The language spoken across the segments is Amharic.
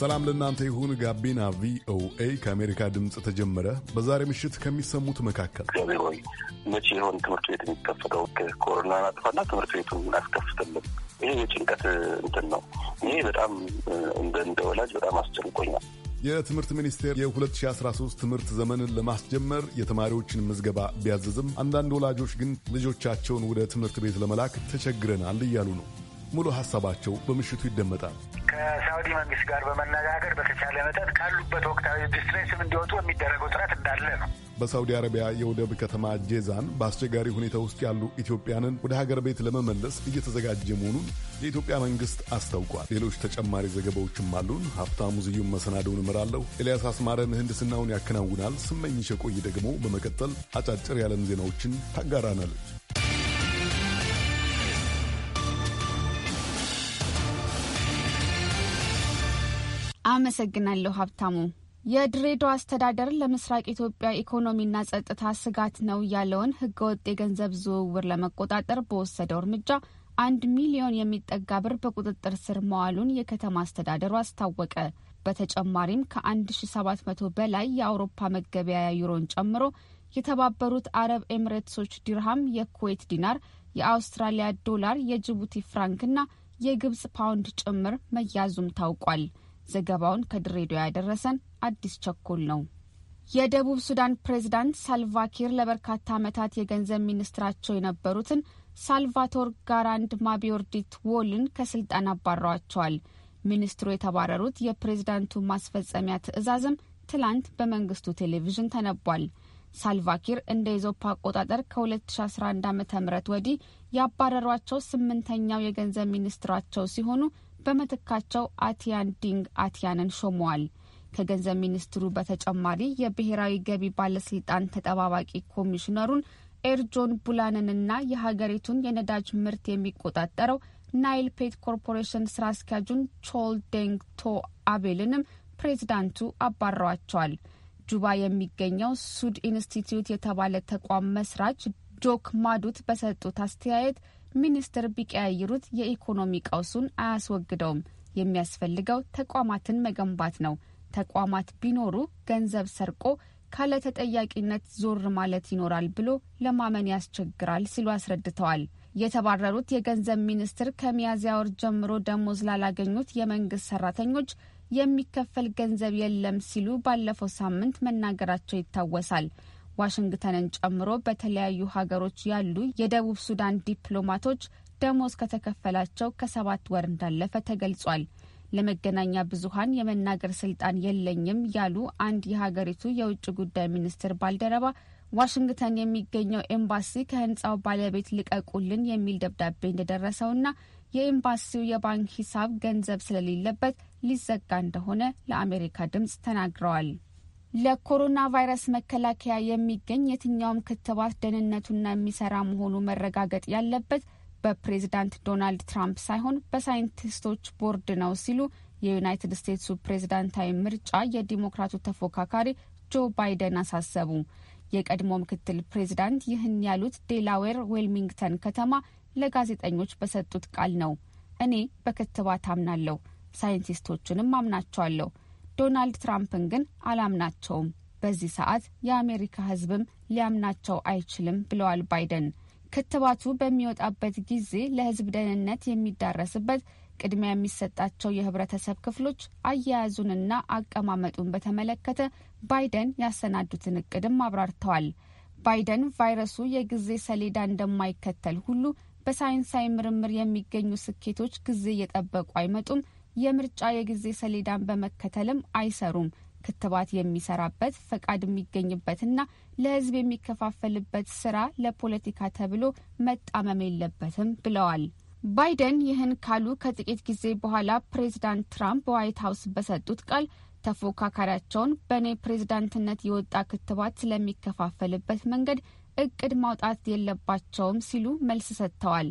ሰላም ለእናንተ ይሁን። ጋቢና ቪኦኤ ከአሜሪካ ድምፅ ተጀመረ። በዛሬ ምሽት ከሚሰሙት መካከል እግዚአብሔር ሆይ መቼ ይሆን ትምህርት ቤት የሚከፈተው? ከኮሮና ናጥፋና ትምህርት ቤቱ አስከፍትልን። ይሄ የጭንቀት እንትን ነው። ይሄ በጣም እንደ ወላጅ በጣም አስጨንቆኛል። የትምህርት ሚኒስቴር የ2013 ትምህርት ዘመንን ለማስጀመር የተማሪዎችን ምዝገባ ቢያዘዝም አንዳንድ ወላጆች ግን ልጆቻቸውን ወደ ትምህርት ቤት ለመላክ ተቸግረናል እያሉ ነው። ሙሉ ሀሳባቸው በምሽቱ ይደመጣል። ከሳውዲ መንግስት ጋር በመነጋገር በተቻለ መጠን ካሉበት ወቅታዊ ዲስትሬስም እንዲወጡ የሚደረገው ጥረት እንዳለ ነው። በሳውዲ አረቢያ የወደብ ከተማ ጄዛን በአስቸጋሪ ሁኔታ ውስጥ ያሉ ኢትዮጵያንን ወደ ሀገር ቤት ለመመለስ እየተዘጋጀ መሆኑን የኢትዮጵያ መንግስት አስታውቋል። ሌሎች ተጨማሪ ዘገባዎችም አሉን። ሀብታሙ ዝዩም መሰናደውን እመራለሁ። ኤልያስ አስማረ ምህንድስናውን ያከናውናል። ስመኝሽ ደግሞ በመቀጠል አጫጭር የዓለም ዜናዎችን ታጋራናለች። አመሰግናለሁ ሀብታሙ። የድሬዳዋ አስተዳደር ለምስራቅ ኢትዮጵያ ኢኮኖሚና ጸጥታ ስጋት ነው ያለውን ህገወጥ የገንዘብ ዝውውር ለመቆጣጠር በወሰደው እርምጃ አንድ ሚሊዮን የሚጠጋ ብር በቁጥጥር ስር መዋሉን የከተማ አስተዳደሩ አስታወቀ። በተጨማሪም ከ1700 በላይ የአውሮፓ መገበያያ ዩሮን ጨምሮ የተባበሩት አረብ ኤምሬትሶች ዲርሃም፣ የኩዌት ዲናር፣ የአውስትራሊያ ዶላር፣ የጅቡቲ ፍራንክና የግብጽ ፓውንድ ጭምር መያዙም ታውቋል። ዘገባውን ከድሬዳዋ ያደረሰን አዲስ ቸኮል ነው። የደቡብ ሱዳን ፕሬዝዳንት ሳልቫኪር ለበርካታ ዓመታት የገንዘብ ሚኒስትራቸው የነበሩትን ሳልቫቶር ጋራንድ ማቢዮርዲት ዎልን ከስልጣን አባረዋቸዋል። ሚኒስትሩ የተባረሩት የፕሬዝዳንቱ ማስፈጸሚያ ትዕዛዝም ትላንት በመንግስቱ ቴሌቪዥን ተነቧል። ሳልቫኪር እንደ ኢዞፓ አቆጣጠር ከ2011 ዓ ም ወዲህ ያባረሯቸው ስምንተኛው የገንዘብ ሚኒስትራቸው ሲሆኑ በምትካቸው አቲያን ዲንግ አቲያንን ሾመዋል። ከገንዘብ ሚኒስትሩ በተጨማሪ የብሔራዊ ገቢ ባለስልጣን ተጠባባቂ ኮሚሽነሩን ኤርጆን ቡላንንና የሀገሪቱን የነዳጅ ምርት የሚቆጣጠረው ናይል ፔት ኮርፖሬሽን ስራ አስኪያጁን ቾል ዴንግ ቶ አቤልንም ፕሬዚዳንቱ አባረዋቸዋል። ጁባ የሚገኘው ሱድ ኢንስቲትዩት የተባለ ተቋም መስራች ጆክ ማዱት በሰጡት አስተያየት ሚኒስትር ቢቀያይሩት የኢኮኖሚ ቀውሱን አያስወግደውም። የሚያስፈልገው ተቋማትን መገንባት ነው። ተቋማት ቢኖሩ ገንዘብ ሰርቆ ካለ ተጠያቂነት ዞር ማለት ይኖራል ብሎ ለማመን ያስቸግራል ሲሉ አስረድተዋል። የተባረሩት የገንዘብ ሚኒስትር ከሚያዝያ ወር ጀምሮ ደሞዝ ላላገኙት የመንግስት ሰራተኞች የሚከፈል ገንዘብ የለም ሲሉ ባለፈው ሳምንት መናገራቸው ይታወሳል። ዋሽንግተንን ጨምሮ በተለያዩ ሀገሮች ያሉ የደቡብ ሱዳን ዲፕሎማቶች ደሞዝ ከተከፈላቸው ከሰባት ወር እንዳለፈ ተገልጿል። ለመገናኛ ብዙሃን የመናገር ስልጣን የለኝም ያሉ አንድ የሀገሪቱ የውጭ ጉዳይ ሚኒስትር ባልደረባ ዋሽንግተን የሚገኘው ኤምባሲ ከህንፃው ባለቤት ልቀቁልን የሚል ደብዳቤ እንደደረሰውና የኤምባሲው የባንክ ሂሳብ ገንዘብ ስለሌለበት ሊዘጋ እንደሆነ ለአሜሪካ ድምጽ ተናግረዋል። ለኮሮና ቫይረስ መከላከያ የሚገኝ የትኛውም ክትባት ደህንነቱና የሚሰራ መሆኑ መረጋገጥ ያለበት በፕሬዝዳንት ዶናልድ ትራምፕ ሳይሆን በሳይንቲስቶች ቦርድ ነው ሲሉ የዩናይትድ ስቴትሱ ፕሬዝዳንታዊ ምርጫ የዲሞክራቱ ተፎካካሪ ጆ ባይደን አሳሰቡ። የቀድሞ ምክትል ፕሬዝዳንት ይህን ያሉት ዴላዌር ዌልሚንግተን ከተማ ለጋዜጠኞች በሰጡት ቃል ነው። እኔ በክትባት አምናለሁ፣ ሳይንቲስቶቹንም አምናቸዋለሁ ዶናልድ ትራምፕን ግን አላምናቸውም፣ በዚህ ሰዓት የአሜሪካ ሕዝብም ሊያምናቸው አይችልም ብለዋል ባይደን። ክትባቱ በሚወጣበት ጊዜ ለሕዝብ ደህንነት የሚዳረስበት ቅድሚያ የሚሰጣቸው የህብረተሰብ ክፍሎች አያያዙንና አቀማመጡን በተመለከተ ባይደን ያሰናዱትን እቅድም አብራርተዋል። ባይደን ቫይረሱ የጊዜ ሰሌዳ እንደማይከተል ሁሉ በሳይንሳዊ ምርምር የሚገኙ ስኬቶች ጊዜ እየጠበቁ አይመጡም የምርጫ የጊዜ ሰሌዳን በመከተልም አይሰሩም። ክትባት የሚሰራበት ፈቃድ የሚገኝበትና ለህዝብ የሚከፋፈልበት ስራ ለፖለቲካ ተብሎ መጣመም የለበትም ብለዋል። ባይደን ይህን ካሉ ከጥቂት ጊዜ በኋላ ፕሬዚዳንት ትራምፕ በዋይት ሀውስ በሰጡት ቃል ተፎካካሪያቸውን በእኔ ፕሬዝዳንትነት የወጣ ክትባት ስለሚከፋፈልበት መንገድ እቅድ ማውጣት የለባቸውም ሲሉ መልስ ሰጥተዋል።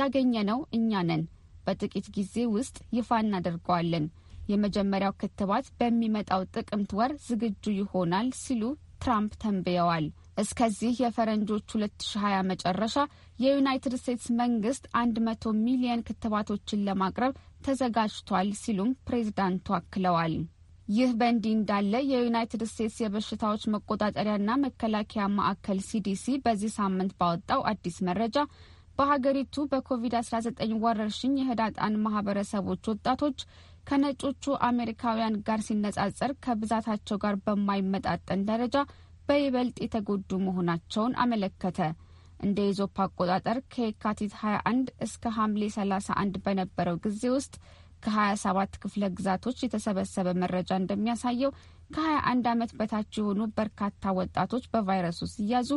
ያገኘነው እኛ ነን በጥቂት ጊዜ ውስጥ ይፋ እናደርገዋለን። የመጀመሪያው ክትባት በሚመጣው ጥቅምት ወር ዝግጁ ይሆናል ሲሉ ትራምፕ ተንብየዋል። እስከዚህ የፈረንጆች 2020 መጨረሻ የዩናይትድ ስቴትስ መንግስት 100 ሚሊየን ክትባቶችን ለማቅረብ ተዘጋጅቷል ሲሉም ፕሬዚዳንቱ አክለዋል። ይህ በእንዲህ እንዳለ የዩናይትድ ስቴትስ የበሽታዎች መቆጣጠሪያና መከላከያ ማዕከል ሲዲሲ በዚህ ሳምንት ባወጣው አዲስ መረጃ በሀገሪቱ በኮቪድ-19 ወረርሽኝ የህዳጣን ማህበረሰቦች ወጣቶች ከነጮቹ አሜሪካውያን ጋር ሲነጻጸር ከብዛታቸው ጋር በማይመጣጠን ደረጃ በይበልጥ የተጎዱ መሆናቸውን አመለከተ። እንደ ኢዞፓ አቆጣጠር ከየካቲት 21 እስከ ሐምሌ 31 በነበረው ጊዜ ውስጥ ከ27 ክፍለ ግዛቶች የተሰበሰበ መረጃ እንደሚያሳየው ከ21 ዓመት በታች የሆኑ በርካታ ወጣቶች በቫይረሱ ሲያዙ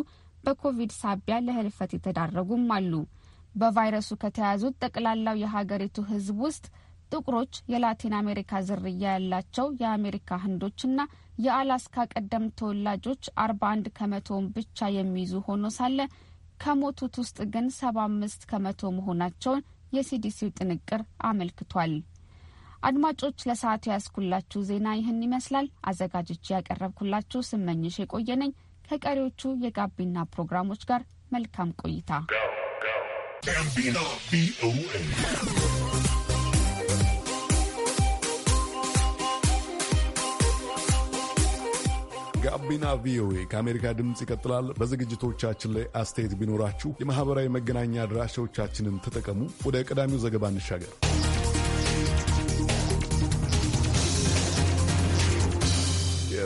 በኮቪድ ሳቢያ ለህልፈት የተዳረጉም አሉ። በቫይረሱ ከተያዙት ጠቅላላው የሀገሪቱ ህዝብ ውስጥ ጥቁሮች፣ የላቲን አሜሪካ ዝርያ ያላቸው የአሜሪካ ህንዶችና የአላስካ ቀደም ተወላጆች አርባ አንድ ከመቶውን ብቻ የሚይዙ ሆኖ ሳለ ከሞቱት ውስጥ ግን ሰባ አምስት ከመቶ መሆናቸውን የሲዲሲው ጥንቅር አመልክቷል። አድማጮች ለሰዓቱ ያስኩላችሁ ዜና ይህን ይመስላል። አዘጋጅቼ ያቀረብኩላችሁ ስመኝሽ የቆየነኝ ከቀሪዎቹ የጋቢና ፕሮግራሞች ጋር መልካም ቆይታ። ጋቢና ቪኦኤ ከአሜሪካ ድምፅ ይቀጥላል። በዝግጅቶቻችን ላይ አስተያየት ቢኖራችሁ የማኅበራዊ መገናኛ አድራሻዎቻችንን ተጠቀሙ። ወደ ቀዳሚው ዘገባ እንሻገር።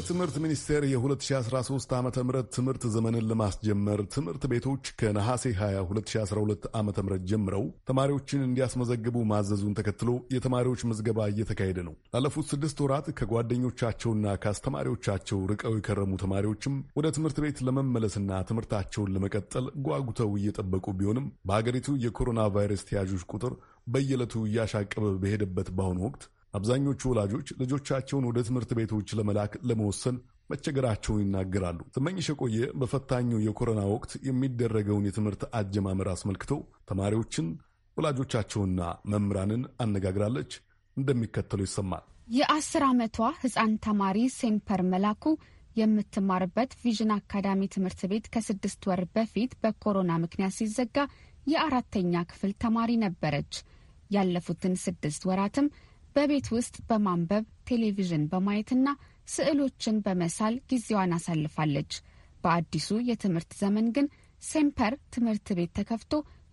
የትምህርት ሚኒስቴር የ2013 ዓ ም ትምህርት ዘመንን ለማስጀመር ትምህርት ቤቶች ከነሐሴ 20 2012 ዓ ም ጀምረው ተማሪዎችን እንዲያስመዘግቡ ማዘዙን ተከትሎ የተማሪዎች ምዝገባ እየተካሄደ ነው። ላለፉት ስድስት ወራት ከጓደኞቻቸውና ከአስተማሪዎቻቸው ርቀው የከረሙ ተማሪዎችም ወደ ትምህርት ቤት ለመመለስና ትምህርታቸውን ለመቀጠል ጓጉተው እየጠበቁ ቢሆንም በሀገሪቱ የኮሮና ቫይረስ ተያዦች ቁጥር በየዕለቱ እያሻቀበ በሄደበት በአሁኑ ወቅት አብዛኞቹ ወላጆች ልጆቻቸውን ወደ ትምህርት ቤቶች ለመላክ ለመወሰን መቸገራቸውን ይናገራሉ። ስመኝሽ የቆየ በፈታኙ የኮሮና ወቅት የሚደረገውን የትምህርት አጀማመር አስመልክቶ ተማሪዎችን፣ ወላጆቻቸውና መምህራንን አነጋግራለች። እንደሚከተሉ ይሰማል። የአስር ዓመቷ ህፃን ተማሪ ሴምፐር መላኩ የምትማርበት ቪዥን አካዳሚ ትምህርት ቤት ከስድስት ወር በፊት በኮሮና ምክንያት ሲዘጋ የአራተኛ ክፍል ተማሪ ነበረች። ያለፉትን ስድስት ወራትም በቤት ውስጥ በማንበብ ቴሌቪዥን በማየትና ስዕሎችን በመሳል ጊዜዋን አሳልፋለች። በአዲሱ የትምህርት ዘመን ግን ሴምፐር ትምህርት ቤት ተከፍቶ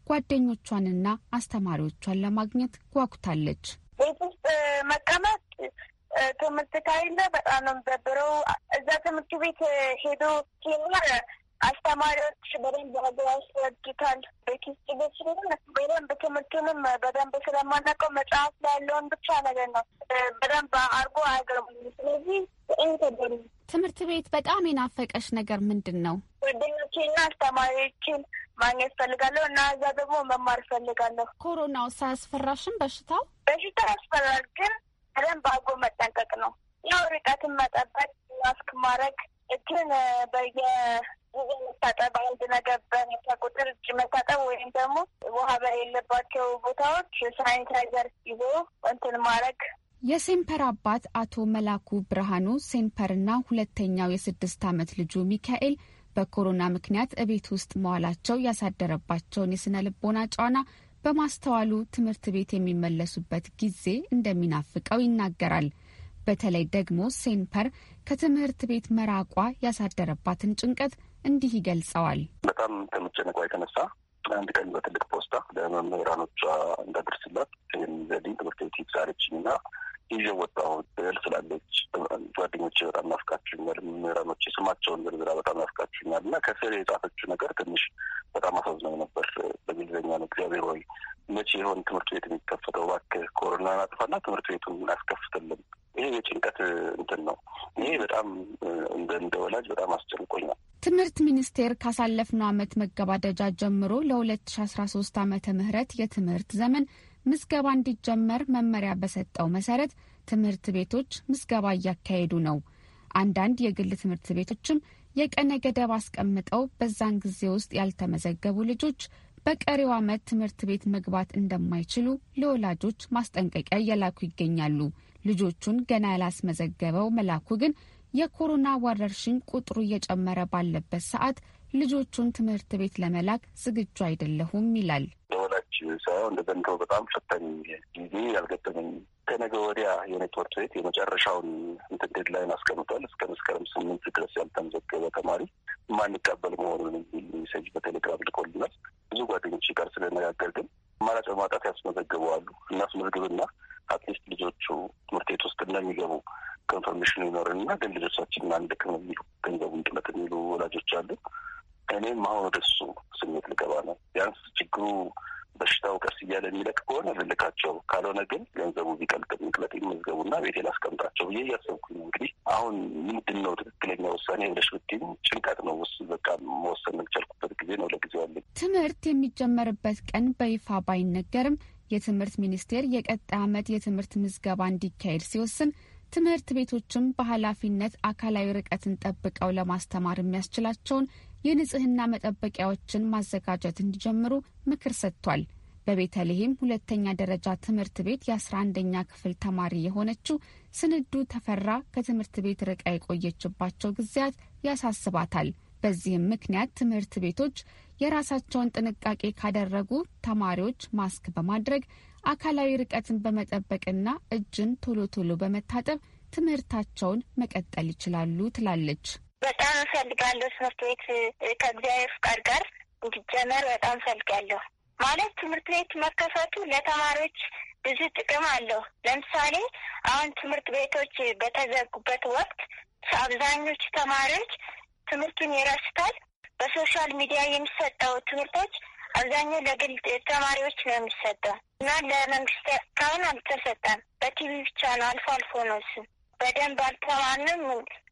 ጓደኞቿንና አስተማሪዎቿን ለማግኘት ጓጉታለች። ቤት ውስጥ መቀመጥ ትምህርት ካይለ በጣም ነው የሚደብረው። እዛ ትምህርት ቤት ሄዶ ሲኖር አስተማሪዎች በደንብ አገባሽ ወድታል በኪስ ጭበስብም በደንብ ትምህርቱንም በደንብ ስለማናውቀው መጽሐፍ ላይ ያለውን ብቻ ነገር ነው በደንብ አርጎ አያገቡ። ስለዚህ ትምህርት ቤት በጣም የናፈቀሽ ነገር ምንድን ነው? ጓደኞቼና አስተማሪዎችን ማግኘት ፈልጋለሁ እና እዛ ደግሞ መማር ፈልጋለሁ። ኮሮናው ሳያስፈራሽም? በሽታው በሽታ ያስፈራል፣ ግን በደንብ አርጎ መጠንቀቅ ነው። ያው ርቀትን መጠበቅ፣ ማስክ ማድረግ፣ እግን በየ ጊዜ መታጠብ አንድ ነገር ቁጥር እጅ መታጠብ ወይም ደግሞ ውሃ በሌለባቸው ቦታዎች ሳኒታይዘር ይዞ እንትን ማድረግ የሴምፐር አባት አቶ መላኩ ብርሃኑ ሴምፐርና ሁለተኛው የስድስት ዓመት ልጁ ሚካኤል በኮሮና ምክንያት እቤት ውስጥ መዋላቸው ያሳደረባቸውን የስነ ልቦና ጫና በማስተዋሉ ትምህርት ቤት የሚመለሱበት ጊዜ እንደሚናፍቀው ይናገራል። በተለይ ደግሞ ሴምፐር ከትምህርት ቤት መራቋ ያሳደረባትን ጭንቀት እንዲህ ይገልጸዋል። በጣም ከመጨነቋ የተነሳ አንድ ቀን በትልቅ ፖስታ ለመምህራኖቿ እንዳደርስላት ይህን ዘዴን ትምህርት ቤት ይዛለችኝ እና ይዤው ወጣሁ። እህል ስላለች ጓደኞቼ በጣም ናፍቃችሁኛል፣ መምህራኖቼ ስማቸውን ዝርዝራ በጣም ናፍቃችሁኛል እና ከስር የጻፈችው ነገር ትንሽ በጣም አሳዝነው ነበር። በእንግሊዝኛ ነው። እግዚአብሔር ሆይ መቼ የሆን ትምህርት ቤት የሚከፈተው? እባክህ ኮሮና ናጥፋና ትምህርት ቤቱን አስከፍትልም ይሄ የጭንቀት እንትን ነው። ይሄ በጣም እንደ ወላጅ በጣም አስጨንቆኛል። ትምህርት ሚኒስቴር ካሳለፍነው ዓመት መገባደጃ ጀምሮ ለ2013 ዓመተ ምህረት የትምህርት ዘመን ምዝገባ እንዲጀመር መመሪያ በሰጠው መሰረት ትምህርት ቤቶች ምዝገባ እያካሄዱ ነው። አንዳንድ የግል ትምህርት ቤቶችም የቀነ ገደብ አስቀምጠው በዛን ጊዜ ውስጥ ያልተመዘገቡ ልጆች በቀሪው ዓመት ትምህርት ቤት መግባት እንደማይችሉ ለወላጆች ማስጠንቀቂያ እየላኩ ይገኛሉ። ልጆቹን ገና ያላስመዘገበው መላኩ ግን የኮሮና ወረርሽኝ ቁጥሩ እየጨመረ ባለበት ሰዓት ልጆቹን ትምህርት ቤት ለመላክ ዝግጁ አይደለሁም ይላል። ሳይሆን እንደ ዘንድሮ በጣም ፈታኝ ጊዜ ያልገጠመኝ ከነገ ወዲያ የኔትወርክ ቤት የመጨረሻውን እንትን ዴድላይን አስቀምጧል። እስከ መስከረም ስምንት ድረስ ያልተመዘገበ ተማሪ ማንቀበል መሆኑን የሚል ሜሴጅ በቴሌግራም ልኮልናል። ብዙ ጓደኞች ጋር ስለነጋገር ግን አማራጭ በማጣት ያስመዘግበዋሉ። እናስመዝግብና አትሊስት ልጆቹ ትምህርት ቤት ውስጥ እንደሚገቡ ኮንፈርሜሽን ይኖርንና ግን ልጆቻችንን አንልክም የሚሉ ገንዘቡ እንድመት የሚሉ ወላጆች አሉ። እኔም አሁን ወደሱ ስሜት ልገባ ነው። ቢያንስ ችግሩ በሽታው ቀስ እያለ የሚለቅ ከሆነ ልልካቸው፣ ካልሆነ ግን ገንዘቡ ቢቀልቅል ምቅለጥ ይመዝገቡና ቤቴ ላስቀምጣቸው ብዬ እያሰብኩኝ እንግዲህ አሁን ምንድን ነው ትክክለኛ ውሳኔ ብለሽ ብትይኝ ጭንቀት ነው። ውስ በቃ መወሰን ያልቻልኩበት ጊዜ ነው ለጊዜው አለኝ። ትምህርት የሚጀመርበት ቀን በይፋ ባይነገርም የትምህርት ሚኒስቴር የቀጣይ ዓመት የትምህርት ምዝገባ እንዲካሄድ ሲወስን ትምህርት ቤቶችም በኃላፊነት አካላዊ ርቀትን ጠብቀው ለማስተማር የሚያስችላቸውን የንጽህና መጠበቂያዎችን ማዘጋጀት እንዲጀምሩ ምክር ሰጥቷል። በቤተልሔም ሁለተኛ ደረጃ ትምህርት ቤት የ11ኛ ክፍል ተማሪ የሆነችው ስንዱ ተፈራ ከትምህርት ቤት ርቃ የቆየችባቸው ጊዜያት ያሳስባታል። በዚህም ምክንያት ትምህርት ቤቶች የራሳቸውን ጥንቃቄ ካደረጉ ተማሪዎች ማስክ በማድረግ አካላዊ ርቀትን በመጠበቅና እጅን ቶሎ ቶሎ በመታጠብ ትምህርታቸውን መቀጠል ይችላሉ ትላለች። በጣም እፈልጋለሁ ትምህርት ቤት ከእግዚአብሔር ፍቃድ ጋር እንዲጀመር በጣም እፈልጋለሁ። ማለት ትምህርት ቤት መከፈቱ ለተማሪዎች ብዙ ጥቅም አለው። ለምሳሌ አሁን ትምህርት ቤቶች በተዘጉበት ወቅት አብዛኞቹ ተማሪዎች ትምህርቱን ይረስታል። በሶሻል ሚዲያ የሚሰጠው ትምህርቶች አብዛኛው ለግል ተማሪዎች ነው የሚሰጠው እና ለመንግስት ካሁን አልተሰጠም። በቲቪ ብቻ ነው፣ አልፎ አልፎ ነው። እሱ በደንብ አልተማንም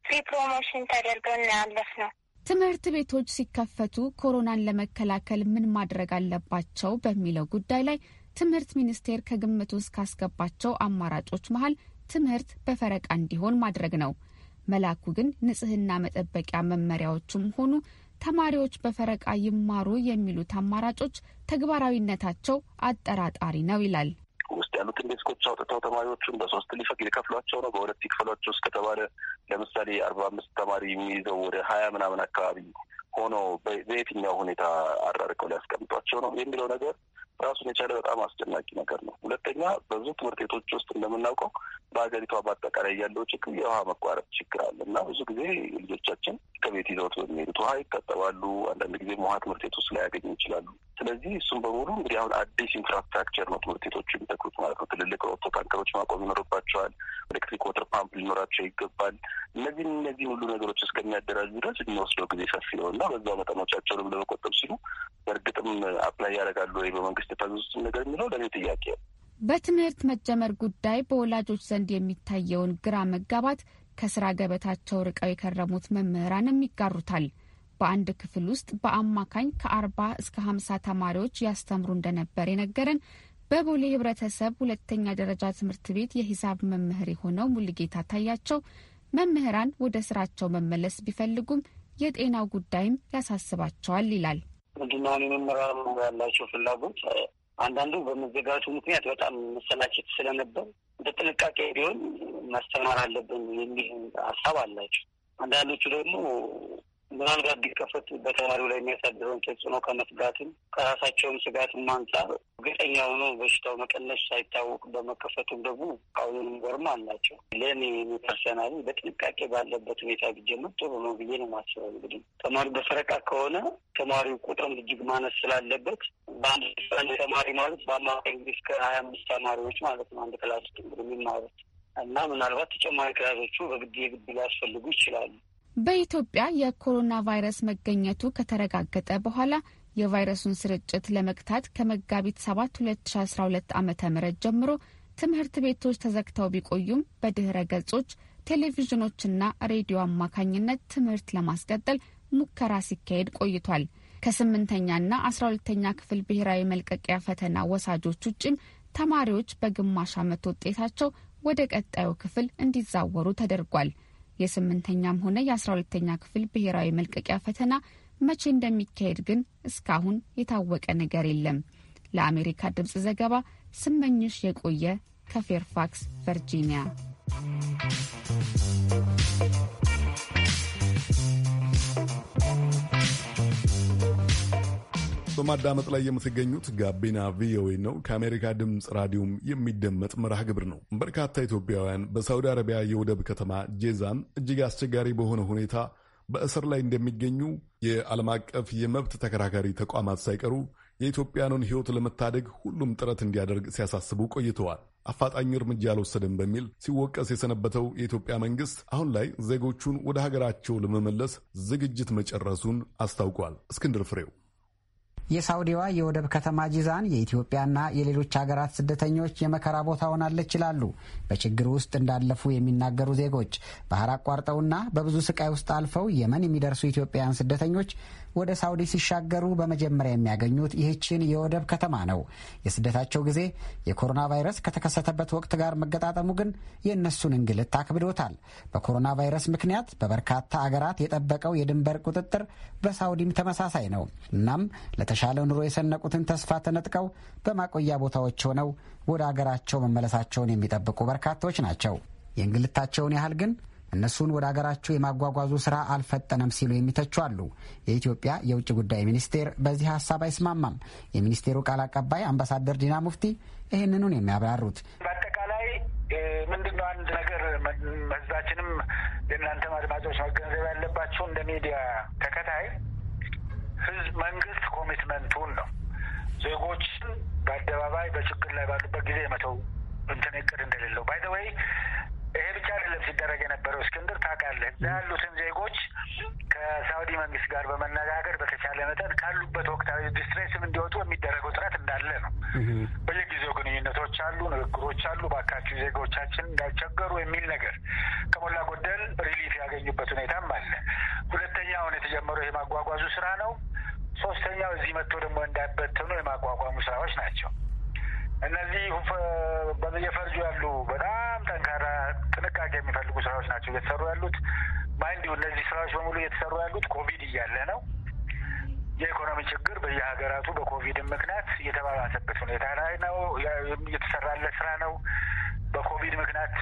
ፍሪ ፕሮሞሽን ተደርገው እናያለፍ ነው። ትምህርት ቤቶች ሲከፈቱ ኮሮናን ለመከላከል ምን ማድረግ አለባቸው በሚለው ጉዳይ ላይ ትምህርት ሚኒስቴር ከግምት ውስጥ ካስገባቸው አማራጮች መሀል ትምህርት በፈረቃ እንዲሆን ማድረግ ነው። መላኩ ግን ንጽህና መጠበቂያ መመሪያዎችም ሆኑ ተማሪዎች በፈረቃ ይማሩ የሚሉት አማራጮች ተግባራዊነታቸው አጠራጣሪ ነው ይላል። ውስጥ ያሉትን ዴስኮች አውጥተው ተማሪዎቹን በሶስት ሊፈቅ ሊከፍሏቸው ነው። በሁለት ይክፈሏቸው እስከተባለ ለምሳሌ አርባ አምስት ተማሪ የሚይዘው ወደ ሀያ ምናምን አካባቢ ሆኖ በየትኛው ሁኔታ አራርቀው ሊያስቀምጧቸው ነው የሚለው ነገር ራሱን የቻለ በጣም አስደናቂ ነገር ነው። ሁለተኛ በብዙ ትምህርት ቤቶች ውስጥ እንደምናውቀው በሀገሪቷ በአጠቃላይ ያለው ችግር የውሃ መቋረጥ ችግር አለ እና ብዙ ጊዜ ልጆቻችን ከቤት ይዘውት በሚሄዱት ውሃ ይቀጠባሉ። አንዳንድ ጊዜ ውሃ ትምህርት ቤት ውስጥ ላያገኙ ይችላሉ። ስለዚህ እሱም በሙሉ እንግዲህ አሁን አዲስ ኢንፍራስትራክቸር ነው ትምህርት ቤቶቹ የሚተክሉት ማለት ነው። ትልልቅ ሮቶ ታንከሮች ማቆም ይኖርባቸዋል። ኤሌክትሪክ ወተር ፓምፕ ሊኖራቸው ይገባል። እነዚህን እነዚህን ሁሉ ነገሮች እስከሚያደራጁ ድረስ የሚወስደው ጊዜ ሰፊ ነው እና በዛ መጠኖቻቸውንም ለመቆጠብ ሲሉ በእርግጥም አፕላይ ያደርጋሉ ወይ በመንግስት የፈዙት ነገር የሚለው ለእኔ ጥያቄ ነው። በትምህርት መጀመር ጉዳይ በወላጆች ዘንድ የሚታየውን ግራ መጋባት ከስራ ገበታቸው ርቀው የከረሙት መምህራንም ይጋሩታል። በአንድ ክፍል ውስጥ በአማካኝ ከአርባ እስከ ሀምሳ ተማሪዎች ያስተምሩ እንደነበር የነገረን በቦሌ ህብረተሰብ ሁለተኛ ደረጃ ትምህርት ቤት የሂሳብ መምህር የሆነው ሙልጌታ ታያቸው መምህራን ወደ ስራቸው መመለስ ቢፈልጉም የጤናው ጉዳይም ያሳስባቸዋል ይላል። ምንድን ነው አሁን ያላቸው ፍላጎት አንዳንዱ በመዘጋቱ ምክንያት በጣም መሰላቸት ስለነበር ጥንቃቄ ቢሆን ማስተማር አለብን የሚል ሀሳብ አላቸው። አንዳንዶቹ ደግሞ ምናልባት ቢከፈት በተማሪው ላይ የሚያሳድረውን ተጽዕኖ ከመስጋትም ከራሳቸውም ስጋትም አንጻር እርግጠኛ ሆኖ በሽታው መቀነስ ሳይታወቅ በመከፈቱም ደግሞ አሁንም ጎርማ አላቸው። ለእኔ ፐርሰናል በጥንቃቄ ባለበት ሁኔታ ቢጀመር ጥሩ ነው ብዬ ነው ማስበው። እንግዲህ ተማሪ በፈረቃ ከሆነ ተማሪው ቁጥርም እጅግ ማነስ ስላለበት በአንድ ተማሪ ማለት በአማካኝ እስከ ከሀያ አምስት ተማሪዎች ማለት ነው አንድ ክላስ ውስጥ እንግዲህ የሚማሩት እና ምናልባት ተጨማሪ ክላሶቹ በግድ የግድ ሊያስፈልጉ ይችላሉ። በኢትዮጵያ የኮሮና ቫይረስ መገኘቱ ከተረጋገጠ በኋላ የቫይረሱን ስርጭት ለመግታት ከመጋቢት 7 2012 ዓ ም ጀምሮ ትምህርት ቤቶች ተዘግተው ቢቆዩም በድኅረ ገጾች ቴሌቪዥኖችና ሬዲዮ አማካኝነት ትምህርት ለማስቀጠል ሙከራ ሲካሄድ ቆይቷል። ከስምንተኛና አስራ ሁለተኛ ክፍል ብሔራዊ መልቀቂያ ፈተና ወሳጆች ውጭም ተማሪዎች በግማሽ ዓመት ውጤታቸው ወደ ቀጣዩ ክፍል እንዲዛወሩ ተደርጓል። የስምንተኛም ሆነ የአስራ ሁለተኛ ክፍል ብሔራዊ መልቀቂያ ፈተና መቼ እንደሚካሄድ ግን እስካሁን የታወቀ ነገር የለም። ለአሜሪካ ድምፅ ዘገባ ስመኝሽ የቆየ ከፌርፋክስ ቨርጂኒያ በማዳመጥ ላይ የምትገኙት ጋቢና ቪኦኤ ነው። ከአሜሪካ ድምፅ ራዲዮም የሚደመጥ መርሃ ግብር ነው። በርካታ ኢትዮጵያውያን በሳውዲ አረቢያ የወደብ ከተማ ጄዛን እጅግ አስቸጋሪ በሆነ ሁኔታ በእስር ላይ እንደሚገኙ የዓለም አቀፍ የመብት ተከራካሪ ተቋማት ሳይቀሩ የኢትዮጵያንን ሕይወት ለመታደግ ሁሉም ጥረት እንዲያደርግ ሲያሳስቡ ቆይተዋል። አፋጣኝ እርምጃ አልወሰደም በሚል ሲወቀስ የሰነበተው የኢትዮጵያ መንግስት አሁን ላይ ዜጎቹን ወደ ሀገራቸው ለመመለስ ዝግጅት መጨረሱን አስታውቋል። እስክንድር ፍሬው የሳውዲዋ የወደብ ከተማ ጂዛን የኢትዮጵያና የሌሎች ሀገራት ስደተኞች የመከራ ቦታ ሆናለች ይላሉ በችግር ውስጥ እንዳለፉ የሚናገሩ ዜጎች። ባህር አቋርጠውና በብዙ ስቃይ ውስጥ አልፈው የመን የሚደርሱ ኢትዮጵያውያን ስደተኞች ወደ ሳውዲ ሲሻገሩ በመጀመሪያ የሚያገኙት ይህችን የወደብ ከተማ ነው። የስደታቸው ጊዜ የኮሮና ቫይረስ ከተከሰተበት ወቅት ጋር መገጣጠሙ ግን የእነሱን እንግልት አክብዶታል። በኮሮና ቫይረስ ምክንያት በበርካታ አገራት የጠበቀው የድንበር ቁጥጥር በሳውዲም ተመሳሳይ ነው። እናም የተሻለ ኑሮ የሰነቁትን ተስፋ ተነጥቀው በማቆያ ቦታዎች ሆነው ወደ አገራቸው መመለሳቸውን የሚጠብቁ በርካታዎች ናቸው። የእንግልታቸውን ያህል ግን እነሱን ወደ አገራቸው የማጓጓዙ ስራ አልፈጠነም ሲሉ የሚተቹ አሉ። የኢትዮጵያ የውጭ ጉዳይ ሚኒስቴር በዚህ ሀሳብ አይስማማም። የሚኒስቴሩ ቃል አቀባይ አምባሳደር ዲና ሙፍቲ ይህንኑን የሚያብራሩት በአጠቃላይ ምንድነው አንድ ነገር ህዝባችንም የእናንተ አድማጮች መገንዘብ ያለባቸው እንደ ሚዲያ ተከታይ አስቸኳይ በችግር ላይ ባሉበት ጊዜ የመተው እንትን እቅድ እንደሌለው ባይዘወይ ይሄ ብቻ አይደለም ሲደረግ የነበረው። እስክንድር ታውቃለህ፣ እዛ ያሉትን ዜጎች ከሳውዲ መንግስት ጋር በመነጋገር በተቻለ መጠን ካሉበት ወቅታዊ ዲስትሬስም እንዲወጡ የሚደረገው ጥረት እንዳለ ነው። በየጊዜው ግንኙነቶች አሉ፣ ንግግሮች አሉ፣ ባካችሁ ዜጎቻችን እንዳይቸገሩ የሚል ነገር ከሞላ ጎደል ሪሊፍ ያገኙበት ሁኔታም አለ። ሁለተኛውን የተጀመረው የማጓጓዙ ስራ ነው። ሶስተኛው እዚህ መጥቶ ደግሞ እንዳይበተኑ የማቋቋሙ ስራዎች ናቸው። እነዚህ በየፈርጁ ያሉ በጣም ጠንካራ ጥንቃቄ የሚፈልጉ ስራዎች ናቸው እየተሰሩ ያሉት። ማይንድ እነዚህ ስራዎች በሙሉ እየተሰሩ ያሉት ኮቪድ እያለ ነው። የኢኮኖሚ ችግር በየሀገራቱ በኮቪድ ምክንያት እየተባባሰበት ሁኔታ ላይ ነው እየተሰራለ ስራ ነው። በኮቪድ ምክንያት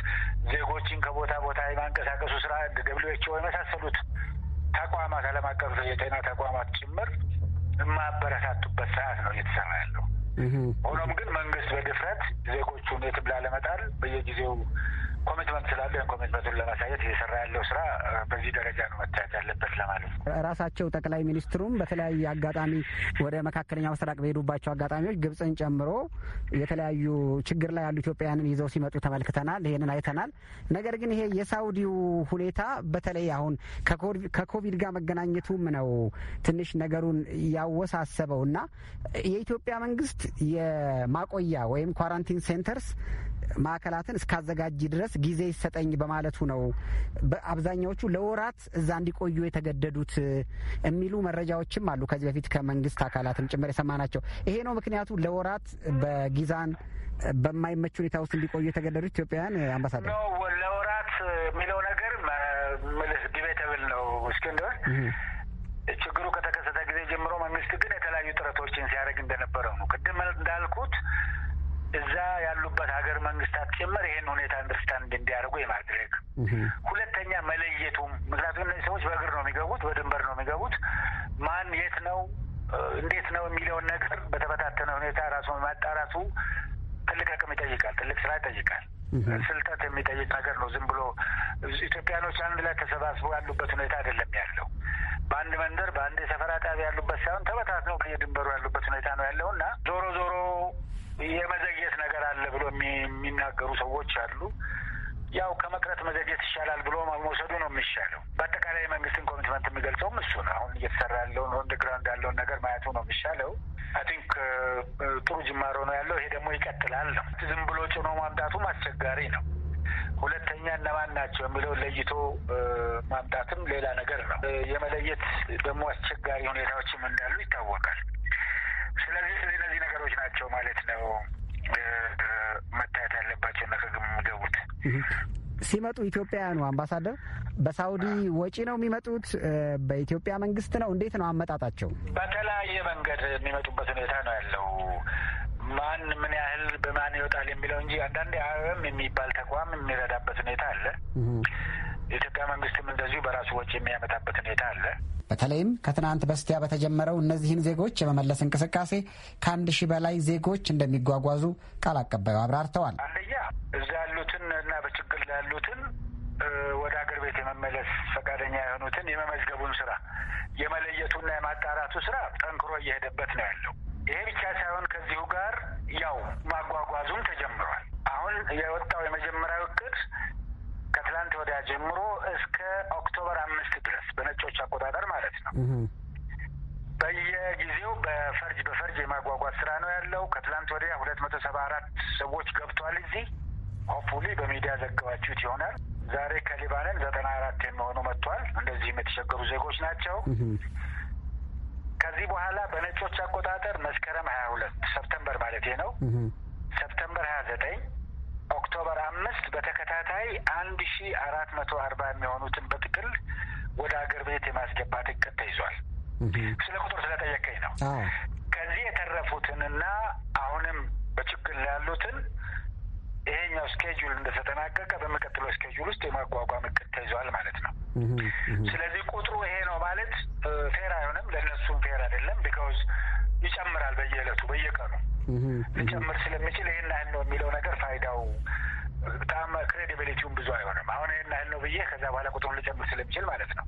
ዜጎችን ከቦታ ቦታ የማንቀሳቀሱ ስራ ደብሊው ኤች ኦ የመሳሰሉት ተቋማት ዓለም አቀፍ የጤና ተቋማት ጭምር የማበረታቱበት ሰዓት ነው እየተሰራ ያለው። ሆኖም ግን መንግስት በድፍረት ዜጎቹን የትም ላለመጣል በየጊዜው ኮሚትመንት ስላለ ኮሚትመንቱን ለማሳየት እየሰራ ያለው ስራ በዚህ ደረጃ ነው መታየት ያለበት ለማለት ነው። ራሳቸው ጠቅላይ ሚኒስትሩም በተለያየ አጋጣሚ ወደ መካከለኛ ምስራቅ በሄዱባቸው አጋጣሚዎች ግብፅን ጨምሮ የተለያዩ ችግር ላይ ያሉ ኢትዮጵያውያንን ይዘው ሲመጡ ተመልክተናል። ይሄንን አይተናል። ነገር ግን ይሄ የሳውዲው ሁኔታ በተለይ አሁን ከኮቪድ ጋር መገናኘቱም ነው ትንሽ ነገሩን ያወሳሰበው እና የኢትዮጵያ መንግስት የማቆያ ወይም ኳራንቲን ሴንተርስ ማዕከላትን እስካዘጋጅ ድረስ ጊዜ ይሰጠኝ በማለቱ ነው አብዛኛዎቹ ለወራት እዛ እንዲቆዩ የተገደዱት የሚሉ መረጃዎችም አሉ። ከዚህ በፊት ከመንግስት አካላትም ጭምር የሰማናቸው ይሄ ነው ምክንያቱ ለወራት በጊዛን በማይመች ሁኔታ ውስጥ እንዲቆዩ የተገደዱት ኢትዮጵያውያን አምባሳደር ለወራት የሚለው ነገር ምልህ ዲቤተብል ነው እስክንድር ችግሩ ከተከሰተ ጊዜ ጀምሮ መንግስት ግን የተለያዩ ጥረቶችን ሲያደርግ እንደነበረው ነው። ቅድም እንዳልኩት እዛ ያሉበት ሀገር መንግስታት ጭምር ይህን ሁኔታ አንደርስታንድ እንዲያደርጉ የማድረግ ሁለተኛ መለየቱም፣ ምክንያቱም እነዚህ ሰዎች በእግር ነው የሚገቡት፣ በድንበር ነው የሚገቡት። ማን የት ነው እንዴት ነው የሚለውን ነገር በተበታተነ ሁኔታ ራሱን ማጣራቱ ትልቅ አቅም ይጠይቃል፣ ትልቅ ስራ ይጠይቃል፣ ስልጠት የሚጠይቅ ነገር ነው። ዝም ብሎ ኢትዮጵያኖች አንድ ላይ ተሰባስበው ያሉበት ሁኔታ አይደለም ያለው። በአንድ መንደር በአንድ የሰፈራ ጣቢያ ያሉበት ሳይሆን ተበታትነው ከየድንበሩ ያሉበት ሁኔታ ነው ያለው እና ዞሮ ዞሮ የመዘግየት ነገር አለ ብሎ የሚናገሩ ሰዎች አሉ። ያው ከመቅረት መዘግየት ይሻላል ብሎ መውሰዱ ነው የሚሻለው። በአጠቃላይ የመንግስትን ኮሚትመንት የሚገልጸውም እሱ ነው። አሁን እየተሰራ ያለውን ኦን ያለውን ነገር ማየቱ ነው የሚሻለው። አይ ቲንክ ጥሩ ጅማሮ ነው ያለው። ይሄ ደግሞ ይቀጥላል ነው። ዝም ብሎ ጭኖ ማምጣቱም አስቸጋሪ ነው። ሁለተኛ እነማን ናቸው የሚለው ለይቶ ማምጣትም ሌላ ነገር ነው። የመለየት ደግሞ አስቸጋሪ ሁኔታዎችም እንዳሉ ይታወቃል። ስለዚህ ሰዎች ናቸው ማለት ነው መታየት ያለባቸውና ከግምገቡት ሲመጡ ኢትዮጵያውያኑ አምባሳደር በሳውዲ ወጪ ነው የሚመጡት? በኢትዮጵያ መንግስት ነው? እንዴት ነው አመጣጣቸው? በተለያየ መንገድ የሚመጡበት ሁኔታ ነው ያለው። ማን ምን ያህል በማን ይወጣል የሚለው እንጂ አንዳንድ አይኦኤም የሚባል ተቋም የሚረዳበት ሁኔታ አለ። የኢትዮጵያ መንግስትም እንደዚሁ በራሱ ወጪ የሚያመጣበት ሁኔታ አለ። በተለይም ከትናንት በስቲያ በተጀመረው እነዚህን ዜጎች የመመለስ እንቅስቃሴ ከአንድ ሺህ በላይ ዜጎች እንደሚጓጓዙ ቃል አቀባዩ አብራርተዋል። አንደኛ እዛ ያሉትን እና በችግር ላይ ያሉትን ወደ አገር ቤት የመመለስ ፈቃደኛ የሆኑትን የመመዝገቡን ስራ የመለየቱና የማጣራቱ ስራ ጠንክሮ እየሄደበት ነው ያለው። ይሄ ብቻ ሳይሆን ከዚሁ ጋር ያው ማጓጓዙም ተጀምሯል። አሁን የወጣው የመጀመሪያው እቅድ ከትላንት ወዲያ ጀምሮ እስከ ኦክቶበር አምስት ድረስ በነጮች አቆጣጠር ማለት ነው። በየጊዜው በፈርጅ በፈርጅ የማጓጓዝ ስራ ነው ያለው። ከትላንት ወዲያ ሁለት መቶ ሰባ አራት ሰዎች ገብቷል እዚህ ሆፕፉሊ በሚዲያ ዘግባችሁት ይሆናል። ዛሬ ከሊባንን ዘጠና አራት የሚሆኑ መጥቷል። እንደዚህም የተቸገሩ ዜጎች ናቸው። ከዚህ በኋላ በነጮች አቆጣጠር መስከረም ሀያ ሁለት ሰፕተምበር ማለት ነው ሰፕተምበር ሀያ ዘጠኝ ኦክቶበር አምስት በተከታታይ አንድ ሺ አራት መቶ አርባ የሚሆኑትን በጥቅል ወደ አገር ቤት የማስገባት እቅድ ተይዟል። ስለ ቁጥር ስለጠየቀኝ ነው። ከዚህ የተረፉትን አሁንም በችግር ላይ ያሉትን ይሄኛው ስኬጁል እንደተጠናቀቀ በሚቀጥለው ስኬጁል ውስጥ የማጓጓም እቅድ ተይዟል ማለት ነው። ስለዚህ ቁጥሩ ይሄ ነው ማለት ፌር አይሆንም፣ ለእነሱም ፌር አይደለም ቢካውዝ ይጨምራል በየዕለቱ በየቀኑ ሊጨምር ስለሚችል ይህን ያህል ነው የሚለው ነገር ፋይዳው በጣም ክሬዲቢሊቲውን ብዙ አይሆንም። አሁን ይህን ያህል ነው ብዬ ከዛ በኋላ ቁጥሩን ሊጨምር ስለሚችል ማለት ነው።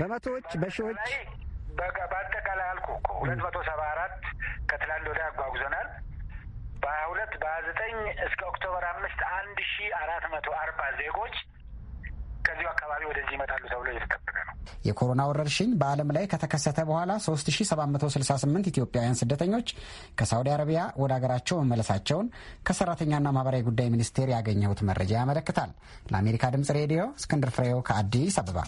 በመቶዎች በሺዎች በአጠቃላይ አልኩ እኮ ሁለት መቶ ሰባ አራት ከትላንድ ወዲያ አጓጉዘናል። በሀያ ሁለት በሀያ ዘጠኝ እስከ ኦክቶበር አምስት አንድ ሺ አራት መቶ አርባ ዜጎች ከዚሁ አካባቢ ወደዚህ ይመጣሉ ተብሎ እየተጠበቀ የኮሮና ወረርሽኝ በዓለም ላይ ከተከሰተ በኋላ 3768 ኢትዮጵያውያን ስደተኞች ከሳውዲ አረቢያ ወደ አገራቸው መመለሳቸውን ከሰራተኛና ማህበራዊ ጉዳይ ሚኒስቴር ያገኘሁት መረጃ ያመለክታል። ለአሜሪካ ድምጽ ሬዲዮ እስክንድር ፍሬው ከአዲስ አበባ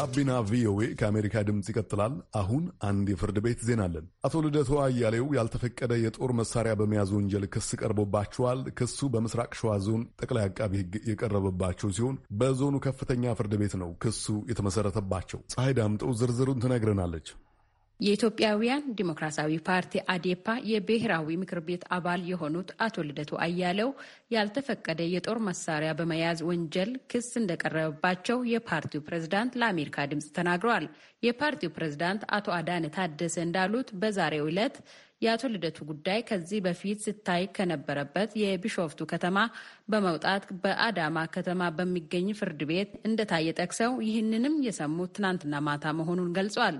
ጋቢና ቪኦኤ ከአሜሪካ ድምፅ ይቀጥላል። አሁን አንድ የፍርድ ቤት ዜና አለን። አቶ ልደቱ አያሌው ያልተፈቀደ የጦር መሳሪያ በመያዝ ወንጀል ክስ ቀርቦባቸዋል። ክሱ በምስራቅ ሸዋ ዞን ጠቅላይ አቃቢ ሕግ የቀረበባቸው ሲሆን በዞኑ ከፍተኛ ፍርድ ቤት ነው ክሱ የተመሰረተባቸው። ፀሐይ ዳምጠው ዝርዝሩን ትነግረናለች። የኢትዮጵያውያን ዲሞክራሲያዊ ፓርቲ አዴፓ የብሔራዊ ምክር ቤት አባል የሆኑት አቶ ልደቱ አያለው ያልተፈቀደ የጦር መሳሪያ በመያዝ ወንጀል ክስ እንደቀረበባቸው የፓርቲው ፕሬዝዳንት ለአሜሪካ ድምፅ ተናግረዋል። የፓርቲው ፕሬዝዳንት አቶ አዳነ ታደሰ እንዳሉት በዛሬው ዕለት የአቶ ልደቱ ጉዳይ ከዚህ በፊት ስታይ ከነበረበት የቢሾፍቱ ከተማ በመውጣት በአዳማ ከተማ በሚገኝ ፍርድ ቤት እንደታየ ጠቅሰው ይህንንም የሰሙት ትናንትና ማታ መሆኑን ገልጿል።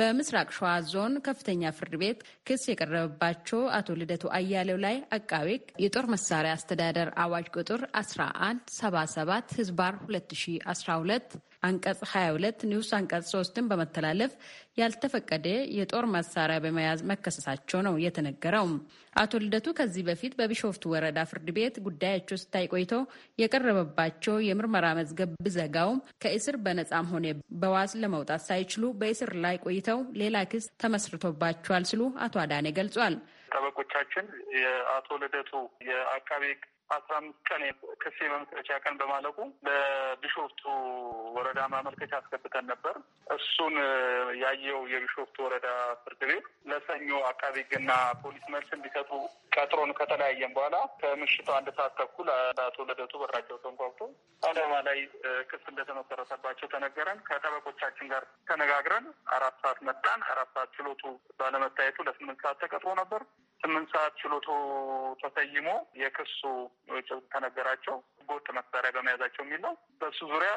በምስራቅ ሸዋ ዞን ከፍተኛ ፍርድ ቤት ክስ የቀረበባቸው አቶ ልደቱ አያሌው ላይ አቃቤ የጦር መሳሪያ አስተዳደር አዋጅ ቁጥር 1177 ህዝባር 2012 አንቀጽ 22 ንዑስ አንቀጽ 3ን በመተላለፍ ያልተፈቀደ የጦር መሳሪያ በመያዝ መከሰሳቸው ነው የተነገረው። አቶ ልደቱ ከዚህ በፊት በቢሾፍቱ ወረዳ ፍርድ ቤት ጉዳያቸው ስታይ ቆይቶ የቀረበባቸው የምርመራ መዝገብ ብዘጋውም ከእስር በነጻም ሆነ በዋስ ለመውጣት ሳይችሉ በእስር ላይ ቆይተው ሌላ ክስ ተመስርቶባቸዋል ሲሉ አቶ አዳኔ ገልጿል። ጠበቆቻችን የአቶ ልደቱ የአቃቤ አስራ አምስት ቀን ክስ የመመስረቻ ቀን በማለቁ ለቢሾፍቱ ወረዳ ማመልከቻ አስገብተን ነበር። እሱን ያየው የቢሾፍቱ ወረዳ ፍርድ ቤት ለሰኞ አቃቤ ሕግና ፖሊስ መልስ እንዲሰጡ ቀጥሮን ከተለያየን በኋላ ከምሽቱ አንድ ሰዓት ተኩል አቶ ልደቱ በራቸው ተንኳኩቶ አዳማ ላይ ክስ እንደተመሰረተባቸው ተነገረን። ከጠበቆቻችን ጋር ተነጋግረን አራት ሰዓት መጣን። አራት ሰዓት ችሎቱ ባለመታየቱ ለስምንት ሰዓት ተቀጥሮ ነበር። ስምንት ሰዓት ችሎቱ ተሰይሞ የክሱ ተነገራቸው ህገወጥ መሳሪያ በመያዛቸው የሚል ነው። በሱ ዙሪያ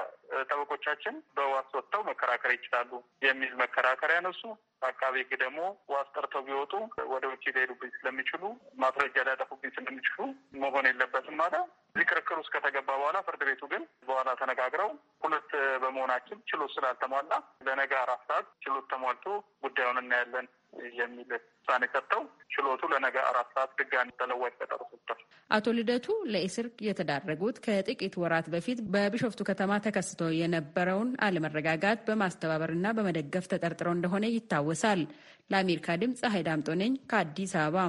ጠበቆቻችን በዋስ ወጥተው መከራከር ይችላሉ የሚል መከራከሪያ ያነሱ። አቃቤ ህግ ደግሞ ዋስ ጠርተው ቢወጡ ወደ ውጭ ሊሄዱብኝ ስለሚችሉ ማስረጃ ሊያጠፉብኝ ስለሚችሉ መሆን የለበትም አለ። እዚህ ክርክር ውስጥ ከተገባ በኋላ ፍርድ ቤቱ ግን በኋላ ተነጋግረው ሁለት በመሆናችን ችሎት ስላልተሟላ ለነገ አራት ሰዓት ችሎት ተሟልቶ ጉዳዩን እናያለን የሚል ውሳኔ ሰጥተው ችሎቱ ለነገ አራት ሰዓት ድጋሚ ተለዋጭ ቀጠሮ ሰጥቷል። አቶ ልደቱ ለእስር የተዳረጉት ከጥቂት ወራት በፊት በቢሾፍቱ ከተማ ተከስቶ የነበረውን አለመረጋጋት በማስተባበርና በመደገፍ ተጠርጥረው እንደሆነ ይታወሳል። ለአሜሪካ ድምፅ ሀይድ አምጦ ነኝ ከአዲስ አበባ።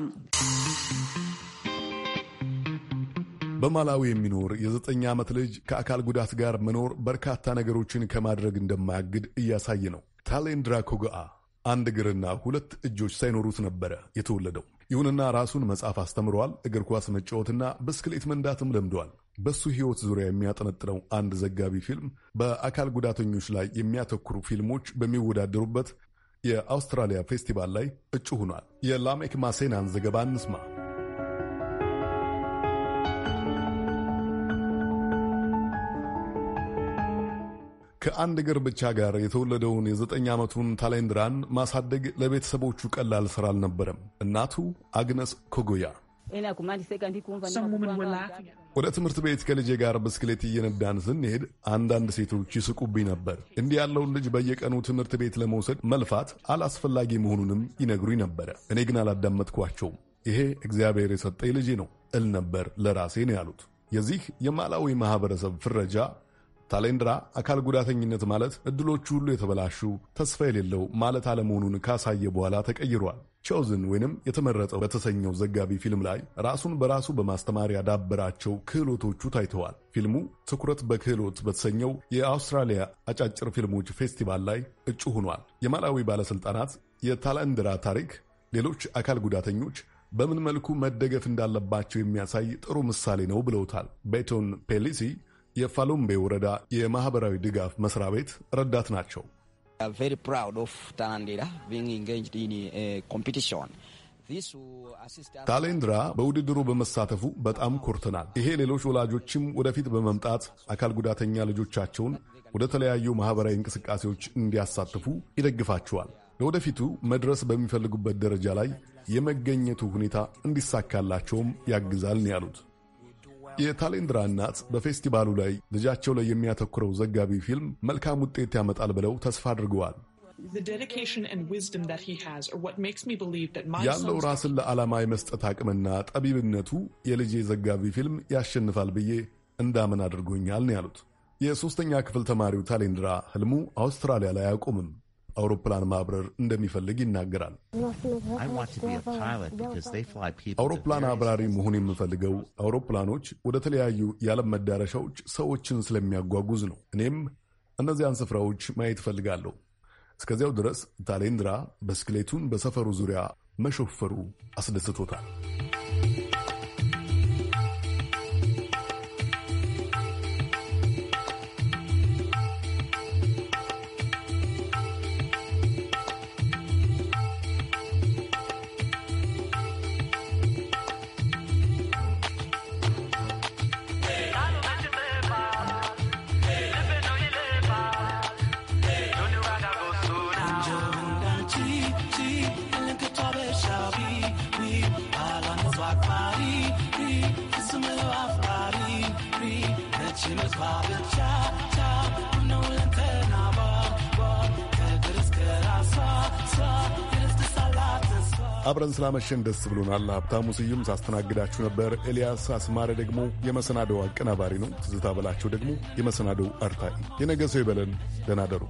በማላዊ የሚኖር የዘጠኝ ዓመት ልጅ ከአካል ጉዳት ጋር መኖር በርካታ ነገሮችን ከማድረግ እንደማያግድ እያሳየ ነው። ታሌንድራ ኮግአ አንድ እግርና ሁለት እጆች ሳይኖሩት ነበረ የተወለደው። ይሁንና ራሱን መጻፍ አስተምረዋል። እግር ኳስ መጫወትና ብስክሌት መንዳትም ለምደዋል። በሱ ሕይወት ዙሪያ የሚያጠነጥነው አንድ ዘጋቢ ፊልም በአካል ጉዳተኞች ላይ የሚያተኩሩ ፊልሞች በሚወዳደሩበት የአውስትራሊያ ፌስቲቫል ላይ እጩ ሆኗል። የላሜክ ማሴናን ዘገባ እንስማ። ከአንድ እግር ብቻ ጋር የተወለደውን የዘጠኝ ዓመቱን ታሌንድራን ማሳደግ ለቤተሰቦቹ ቀላል ስራ አልነበረም። እናቱ አግነስ ኮጎያ ወደ ትምህርት ቤት ከልጄ ጋር ብስክሌት እየነዳን ስንሄድ አንዳንድ ሴቶች ይስቁብኝ ነበር። እንዲህ ያለውን ልጅ በየቀኑ ትምህርት ቤት ለመውሰድ መልፋት አላስፈላጊ መሆኑንም ይነግሩኝ ነበረ። እኔ ግን አላዳመጥኳቸውም። ይሄ እግዚአብሔር የሰጠኝ ልጄ ነው እል ነበር ለራሴ ነው ያሉት። የዚህ የማላዊ ማህበረሰብ ፍረጃ ታሌንድራ አካል ጉዳተኝነት ማለት እድሎቹ ሁሉ የተበላሹ ተስፋ የሌለው ማለት አለመሆኑን ካሳየ በኋላ ተቀይሯል። ቾዝን ወይንም የተመረጠው በተሰኘው ዘጋቢ ፊልም ላይ ራሱን በራሱ በማስተማር ያዳበራቸው ክህሎቶቹ ታይተዋል። ፊልሙ ትኩረት በክህሎት በተሰኘው የአውስትራሊያ አጫጭር ፊልሞች ፌስቲቫል ላይ እጩ ሆኗል። የማላዊ ባለሥልጣናት የታላንድራ ታሪክ ሌሎች አካል ጉዳተኞች በምን መልኩ መደገፍ እንዳለባቸው የሚያሳይ ጥሩ ምሳሌ ነው ብለውታል። ቤቶን ፔሊሲ የፋሎምቤ ወረዳ የማህበራዊ ድጋፍ መስሪያ ቤት ረዳት ናቸው። uh, ታሌንድራ በውድድሩ በመሳተፉ በጣም ኮርተናል። ይሄ ሌሎች ወላጆችም ወደፊት በመምጣት አካል ጉዳተኛ ልጆቻቸውን ወደ ተለያዩ ማህበራዊ እንቅስቃሴዎች እንዲያሳትፉ ይደግፋቸዋል። ለወደፊቱ መድረስ በሚፈልጉበት ደረጃ ላይ የመገኘቱ ሁኔታ እንዲሳካላቸውም ያግዛል ያሉት። የታሌንድራ እናት በፌስቲቫሉ ላይ ልጃቸው ላይ የሚያተኩረው ዘጋቢ ፊልም መልካም ውጤት ያመጣል ብለው ተስፋ አድርገዋል። ያለው ራስን ለዓላማ የመስጠት አቅምና ጠቢብነቱ የልጄ ዘጋቢ ፊልም ያሸንፋል ብዬ እንዳምን አድርጎኛል ነው ያሉት። የሦስተኛ ክፍል ተማሪው ታሌንድራ ህልሙ አውስትራሊያ ላይ አያቆምም። አውሮፕላን ማብረር እንደሚፈልግ ይናገራል። አውሮፕላን አብራሪ መሆን የምፈልገው አውሮፕላኖች ወደ ተለያዩ የዓለም መዳረሻዎች ሰዎችን ስለሚያጓጉዝ ነው። እኔም እነዚያን ስፍራዎች ማየት እፈልጋለሁ። እስከዚያው ድረስ ታሌንድራ ብስክሌቱን በሰፈሩ ዙሪያ መሾፈሩ አስደስቶታል። አብረን ስላመሸን ደስ ብሎናል። ሀብታሙ ስዩም ሳስተናግዳችሁ ነበር። ኤልያስ አስማረ ደግሞ የመሰናዶው አቀናባሪ ነው። ትዝታ በላቸው ደግሞ የመሰናዶው አርታኢ። የነገ ሰው ይበለን። ደናደሩ